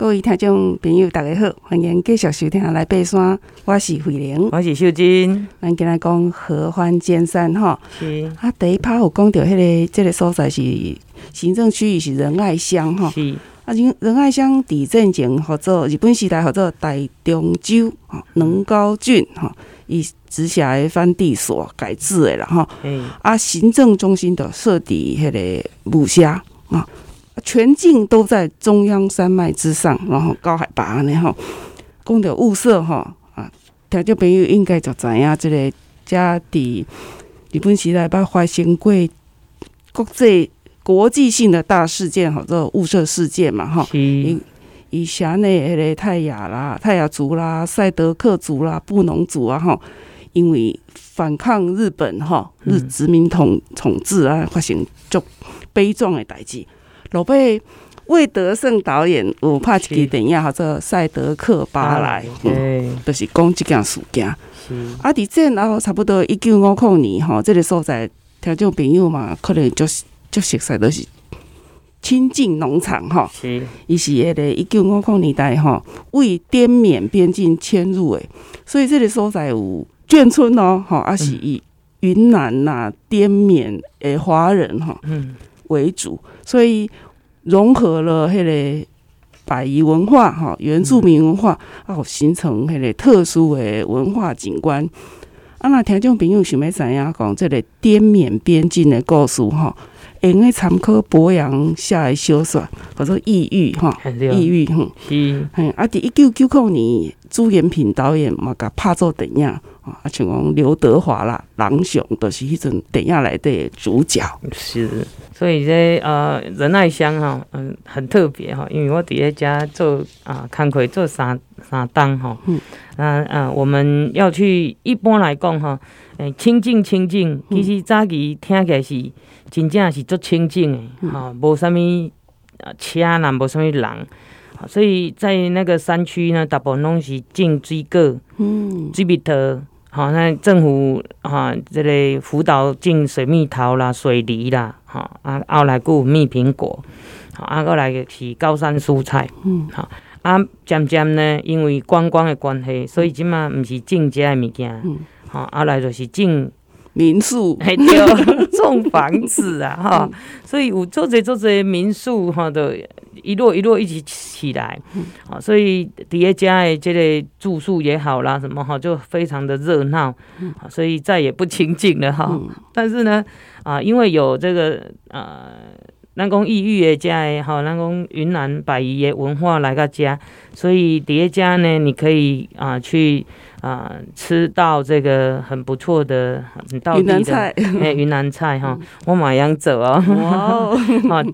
各位聽眾朋友，大家好，歡迎繼續收聽來爬山。我是慧玲，我是秀真。咱今日講合歡尖山是啊，第一趴有講到迄、那個，即、這個所在是行政區域，是仁愛鄉吼，是啊，仁仁愛鄉佇進前合作，日本時代合作台中州吼，能高郡吼，伊直轄的番地所改制的啦哈，啊，是啊，行政中心就設佇迄個霧社啊。全境都在中央山脈之上，然後高海拔呢，哈，講着霧社哈啊，聽眾朋友應該就知啊，這個家底，日本時代把發生過國際國際性的大事件，哈，這個霧社事件嘛，哈是，以以轄內迄個泰雅啦、泰雅族啦、賽德克族啦、布農族啊，哈，因為反抗日本哈日殖民統統治啊，發生足悲壯的代志。老貝，魏德聖導演，有拍一支電影，叫做《賽德克巴萊》，啊、嗯，就是講即件事件。是啊，佇即然後差不多一九五五年吼，即、哦這個所在，聽眾朋友嘛，可能就就熟悉都、就是哦、是，清境農場吼。是，伊是迄個一九五五年代吼、哦，為滇緬邊境遷入的，所以即個所在有眷村咯、哦。吼、哦，阿、啊、是雲南呐、啊、滇緬的華人哈。嗯哦為主，所以融合了迄個擺夷文化，哈原住民文化，哦，形成迄個特殊的文化景觀。啊，那聽眾朋友想要知影講，這個滇緬邊境的故事哈，會用參考柏楊下小說，叫做異域哈，異域，哼，啊，佇一九九九年，朱延平導演嘛，個拍做怎樣？啊啊，像講劉德華啦、郎雄，都是迄陣電影內底主角。是，所以這呃仁愛鄉哈，嗯、呃，很特別哈，因為我底下家做啊，康、呃、葵做三三檔哈。呃、嗯。啊啊、呃呃，我們要去，一般來講哈、呃，清境清境，其實早期聽起來是、嗯、真正是做清靜的哈，無啥物啊車，啦，無啥物人，所以在那個山區呢，大部分攏是種水果，嗯，水蜜桃。好，那政府哈，這個輔導種水蜜桃啦、水梨啦，哈啊，後來佫有蜜蘋果，啊，後來個、啊、是高山蔬菜，嗯，哈啊，漸漸呢，因為觀光的關係，所以即馬不是種遮個物件，嗯，啊後來就是種民宿，哎呦， 種房子啊， 哈，所以有足濟足濟民宿，哈都。一落一落一起起來，啊，所以疊加的這類住宿也好啦，什麼哈就非常的熱鬧，所以再也不清靜了哈。嗯、但是呢，啊，因為有這個呃南宮異域的家也好，南、啊、宮雲南擺夷的文化來到家，所以疊加呢，你可以啊、呃、去。啊，吃到這個很不錯的、很道地的雲南菜哈，我瑪羊肘啊， 哦，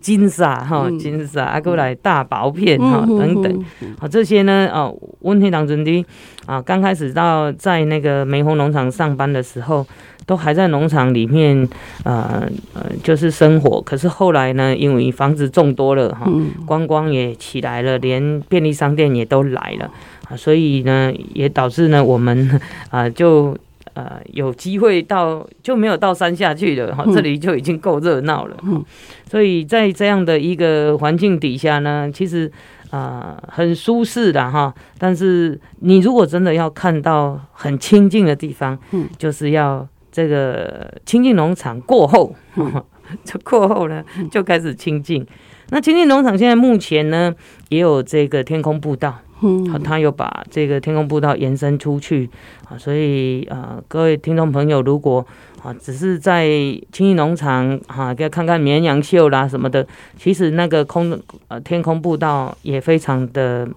金沙哈，金沙阿哥來大薄片哈、啊，等等，好、嗯、這些呢哦，問題當中的。啊，剛開始到在那個梅峰農場上班的時候，都還在農場裡面呃呃，就是生活，可是後來呢，因為房子種多了哈、啊，觀光也起來了，連便利商店也都來了。嗯嗯啊，所以呢，也導致呢，我們啊、呃，就呃有機會到就沒有到山下去了哈，這裡就已經夠熱鬧了。嗯，所以在這樣的一個環境底下呢，其實啊、呃、很舒適的哈，但是你如果真的要看到很清靜的地方，嗯，就是要這個清境農場過後，嗯，呵呵就過後呢就開始清靜。那清境農場現在目前呢，也有這個天空步道。嗯，他又把這個天空步道延伸出去啊，所以啊、呃，各位聽眾朋友，如果啊只是在清境農場哈，要、啊、看看綿羊秀啦什麼的，其實那個空呃天空步道也非常的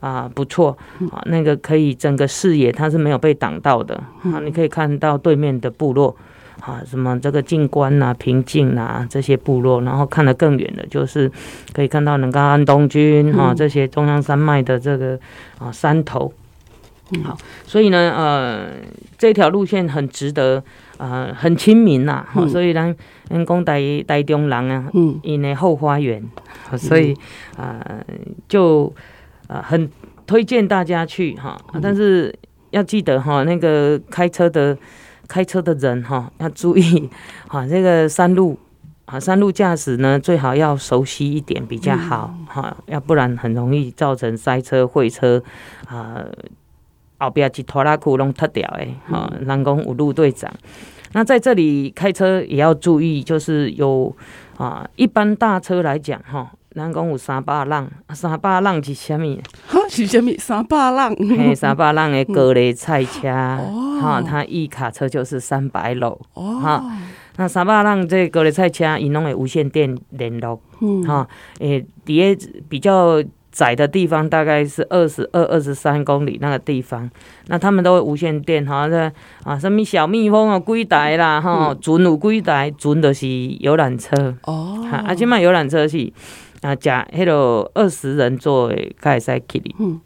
啊不錯啊，那個可以整個視野它是沒有被擋到的、嗯、啊，你可以看到對面的部落。啊，什麼這個靜觀啊，平靜啊，這些部落，然後看得更遠的就是可以看到能高安東軍哈、啊嗯、這些中央山脈的這個啊山頭。好、嗯，所以呢，呃，這條路線很值得，啊、呃，很親民吶、啊。嗯、所以呢，人工帶台中人啊，嗯，因為後花園，所以啊、嗯呃，就啊、呃、很推薦大家去哈。但是要記得哈，那個開車的。開車的人哈、哦、要注意，哈、啊、這、那個山路啊，山路駕駛呢，最好要熟悉一點比較好哈、嗯啊，要不然很容易造成塞車、會車啊，後邊一拖拉庫攏脫掉誒哈、啊，人講有路隊長。嗯、那在這裡開車也要注意，就是有啊，一般大車來講哈。啊咱講有三百人，三、啊、百人是啥物？ 是啥物？三百人，嘿， 三百人誒，高麗菜車，哈、嗯哦，它一卡車就是三百簍。哦。哈、哦，那三百人這高麗菜車，因攏會無線電聯絡，哈、嗯，誒、哦，底、欸、下比較窄的地方大概是二十二、二十三公里那個地方，那他們都會無線電哈的、哦、啊，什麼小蜜蜂哦，櫃台啦，哈、哦，嗯、準有櫃台，準就是遊覽車。哦。啊，即賣遊覽車是。啊，食迄個二十人座，才會使去哩。吼、嗯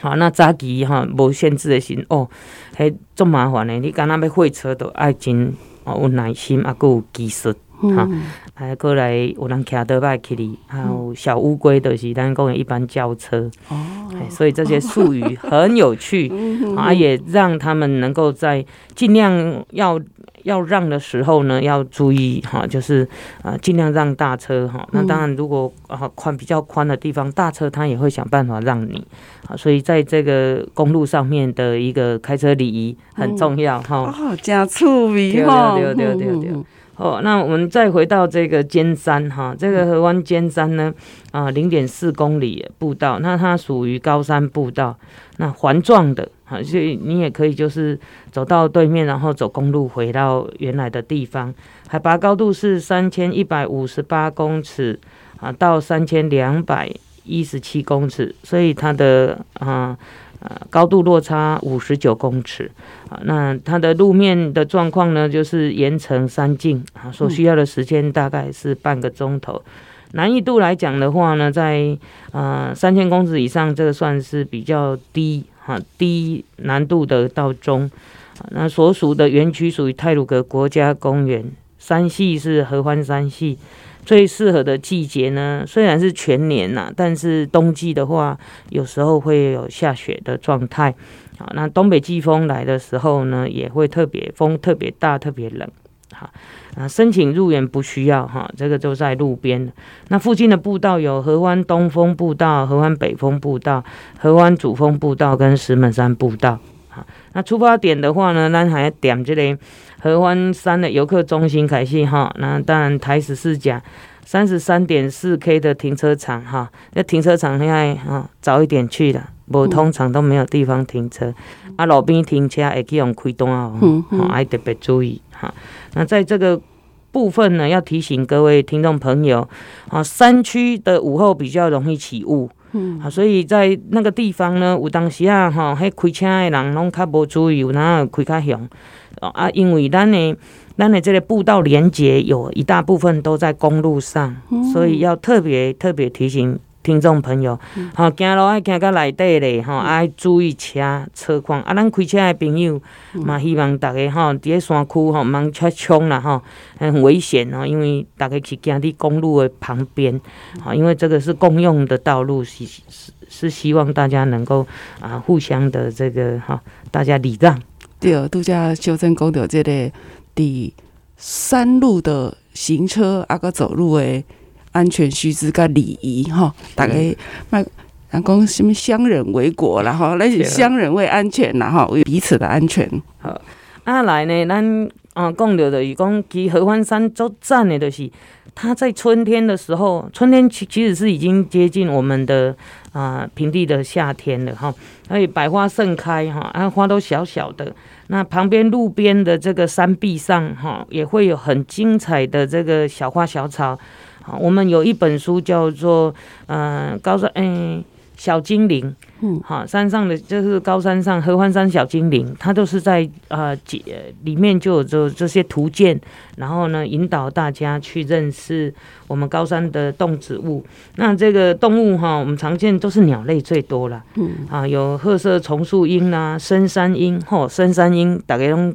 啊，那早期吼無限制的時陣哦，迄足麻煩的。你敢若要會車要，着愛真哦有耐心，還閣有技術。哈，還過、嗯啊、來有人騎德拜克里，嗯、還有小烏龜的，是，但公園一般轎車哦、哎，所以這些術語很有趣，啊，也讓他們能夠在盡量要要讓的時候呢，要注意哈、啊，就是啊，盡量讓大車哈、啊。那當然，如果啊寬比較寬的地方，大車他也會想辦法讓你啊。所以在這個公路上面的一個開車禮儀很重要哈、啊嗯。哦，真趣味、哦、對對對對對。嗯對對對哦，那我們再回到這個尖山哈，這個合歡尖山呢，啊、呃，零點四公里步道，那它屬於高山步道，那環狀的哈，所以你也可以就是走到對面，然後走公路回到原來的地方，海拔高度是三千一百五十八公尺啊，到三千兩百一十七公尺，所以它的啊。高度落差五十九公尺啊，那它的路面的狀況呢，就是岩稜山徑啊，所需要的時間大概是半個鐘頭。嗯、難易度來講的話呢，在呃三千公尺以上，這個算是比較低哈，低難度的道中。那所屬的園區屬於太魯閣國家公園，山系是合歡山系。最適合的季節呢，雖然是全年吶、啊，但是冬季的話，有時候會有下雪的狀態。好，那東北季風來的時候呢，也會特別風特別大，特別冷。啊，申請入園不需要哈，這個就在路邊。那附近的步道有合歡東峰步道、合歡北峰步道、合歡主峰步道跟石門山步道。好，那出發點的話呢，咱還要點這個合歡山的遊客中心開始哈、哦。那當然台，台14甲三十三點四 K 的停車場哈、哦。那停車場現在啊，早一點去了，不通常都沒有地方停車。嗯、啊，路邊停車也可以用開動啊，我、哦、愛、嗯嗯哦、特別注意哈、哦。那在這個部分呢，要提醒各位聽眾朋友啊、哦，山區的午後比較容易起霧。啊，嗯、所以在那個地方呢，有當時啊，哈，迄開車的人攏較無注意，有那開較凶。啊，因為咱的，咱的，這個步道連接有一大部分都在公路上，嗯、所以要特別特別提醒。聽眾朋友，好、嗯哦，走路愛走到裡面咧，哈、哦，愛、嗯、注意車車況。啊，咱開車的朋友嘛，嗯、希望大家吼佇個山區哈，毋茫出衝啦吼，很危險哦。因為大家是行佇公路的旁邊，啊、嗯哦，因為這個是公用的道路，是是是，是希望大家能夠啊，互相的這個哈、哦，大家禮讓。第二，拄才修正公路這類、個、的山路的行車，啊，閣走路誒。安全須知跟禮儀哈，大概那講什麼？相忍為國了哈，那是相忍為安全了哈，為彼此的安全。好，阿、啊、來呢，咱啊講到的，以講去合歡山走站的，就是他、就是、在春天的時候，春天其實其實是已經接近我們的啊平地的夏天了哈，所、啊、以百花盛開哈，啊花都小小的。那旁邊路邊的這個山壁上哈、啊，也會有很精彩的這個小花小草。好，我們有一本書叫做《嗯、呃、高山嗯、欸、小精靈》，嗯，好山上的就是高山上合歡山小精靈，它都是在呃幾裡面就有這這些圖鑑，然後呢，引導大家去認識我們高山的動植物。那這個動物哈，我們常見都是鳥類最多了，嗯，啊，有褐色蟲樹鷹啦，深山鷹，吼、哦，深山鷹，大概用。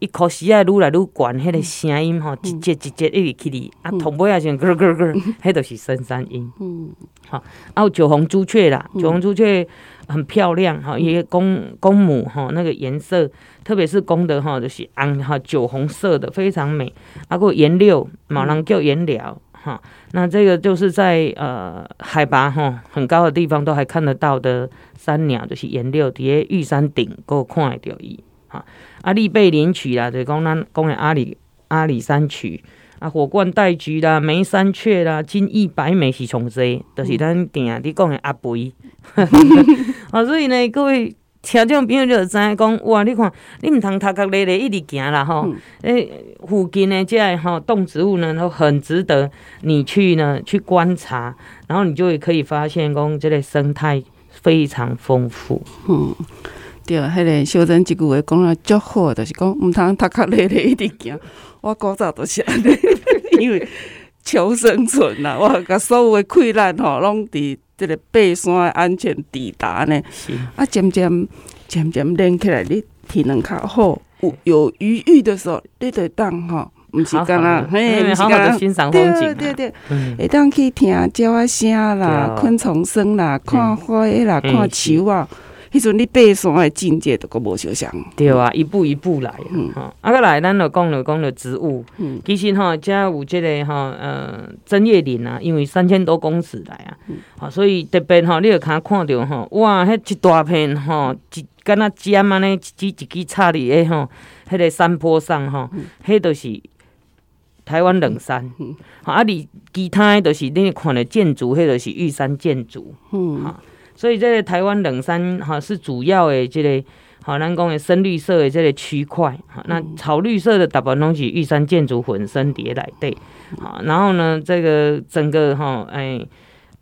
伊考試啊，愈來愈懸，迄個聲音吼，一節一節一直起哩，啊，頭尾也像咯咯咯，迄都、嗯、是深山鶯。嗯，好，啊，有酒紅朱雀啦，嗯、酒紅朱雀很漂亮，哈，也公公母吼，那個顏色，特別是公的吼，就是紅哈酒紅色的，非常美。啊，過岩鷚馬蘭叫岩鷚哈，那這個就是在呃海拔吼很高的地方都還看得到的山鳥，就是岩鷚，佇玉山頂夠看得到伊。啊，栗背林鴝啦，啦、就，是講咱講的阿里阿里山鴝啊，火冠戴菊啦，煤山雀啦，金翼白眉喜蟲子，都、就是咱定你講的阿肥。啊，所以呢，各位聽眾朋友，你就知講哇，你看你唔通踏腳底咧，他一直行啦吼，誒、哦，嗯、附近呢，即個吼動植物呢都很值得你去呢去觀察，然後你就會可以發現講，這個生態非常豐富。嗯。對，迄、那個小陳即句話講了足好，就是講毋通讀他家咧一直驚，我古早都是因為求生存啦，我共所有嘅困難吼，攏佇即個爬山嘅安全抵達呢。是啊，漸漸漸漸練起來，你體能較好，有有餘裕的時候，你得當吼，毋、喔、是干啦對，好好地欣賞風景、啊，對，對對，會當去聽鳥仔聲啦，哦、昆蟲聲啦，看花啦，對看樹啊。迄陣你爬山誒境界都閣無相像，對哇、啊，嗯、一步一步來、嗯、啊！哈，啊閣來，咱著講著講著植物，嗯，其實吼、哦，遮有即、這個吼，呃，針葉林啊，因為三千多公尺來啊，好、嗯，所以特別吼，你著較看着吼，哇，迄一大片吼、哦，一敢若尖安尼一支一支插佇個吼，迄、哦那個山坡上哈，迄、哦、都、嗯、是台灣冷杉，嗯嗯、啊，啊、就是，你其他誒都是你看了箭竹，迄都是玉山箭竹，嗯，哈、啊。嗯啊。所以這個臺灣冷杉哈、啊、是主要的這個，好、啊，咱講的深綠色的這個區塊，哈、啊，那草綠色的大部分攏是玉山箭竹混生疊來對，好、啊，然後呢，這個整個哈，誒、啊哎，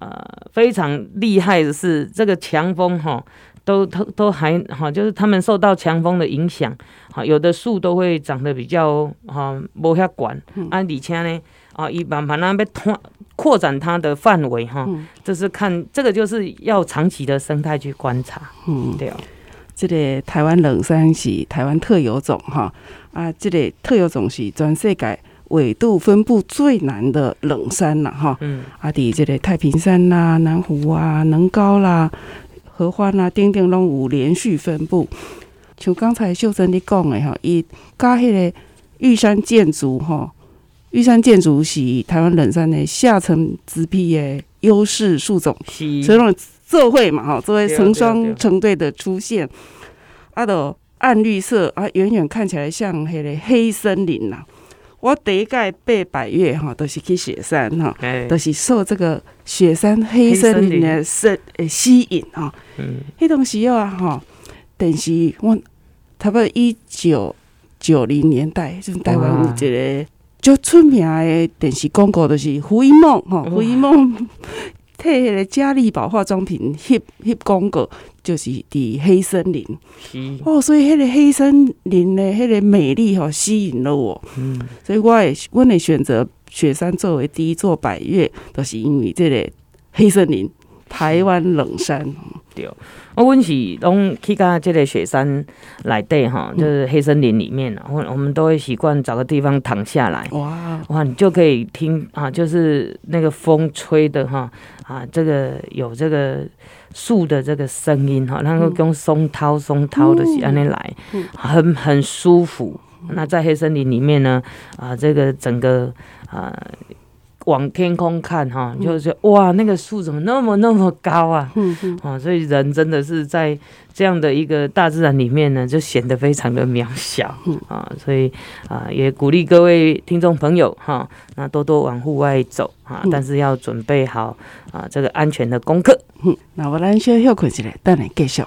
呃，非常厲害的是這個強風哈、啊，都都都還哈、啊，就是他們受到強風的影響，哈、啊，有的樹都會長得比較哈，無遐懸，嗯、啊，而且呢，啊，伊慢慢啊要斷。擴展它的範圍哈，這是看、嗯、這個就是要長期的生態去觀察。嗯，對啊，這裡、個、台灣冷杉是台灣特有種哈啊，這裡、個、特有種是全世界緯度分布最南的冷杉了哈。啊、嗯，阿弟、啊、這裡太平山吶、啊，南湖啊、能高啦、啊、荷花啦、啊、等等攏有連續分布。就剛才秀真你講的哈，以加迄個玉山箭竹，哈。玉山箭竹是台灣冷杉的下層植被的優勢樹種，所以種社會嘛，吼，作為成雙成對的出現，對對對啊，都暗綠色啊，遠遠看起來像迄個黑森林吶、啊。我第一蓋被百岳哈、啊，都、就是去雪山哈、啊，都嘿是受這個雪山黑森林的吸誒吸引啊。嗯，那時候啊哈，等是我差不多一九九零年代，就是、台灣一個、啊。就出名的電視廣告都是胡因夢哈，胡因夢替那個佳麗寶化妝品拍拍廣告，就是的黑森林。是哦，所以那個黑森林的那個美麗哈吸引了我，嗯、所以我也我也選擇雪山作為第一座百岳，都、就是因為這個黑森林，台灣冷杉。嗯對，我問起，攏去到這個雪山來對哈，就是黑森林裡面呢，我我們都會習慣找個地方躺下來，哇哇，你就可以聽啊，就是那個風吹的哈啊，這個有這個樹的這個聲音哈，然後用松濤松濤的起安尼來，很很舒服。那在黑森林裡面呢，啊，這個整個啊。往天空看哈，你就說哇，那個樹怎麼那麼那麼高啊？嗯嗯，嗯啊，所以人真的是在這樣的一個大自然裡面呢，就顯得非常的渺小、嗯、啊。所以啊，也鼓勵各位聽眾朋友哈，那、啊、多多往戶外走哈，啊嗯、但是要準備好啊這個安全的功課、嗯。那我來先休息一下，待會介紹。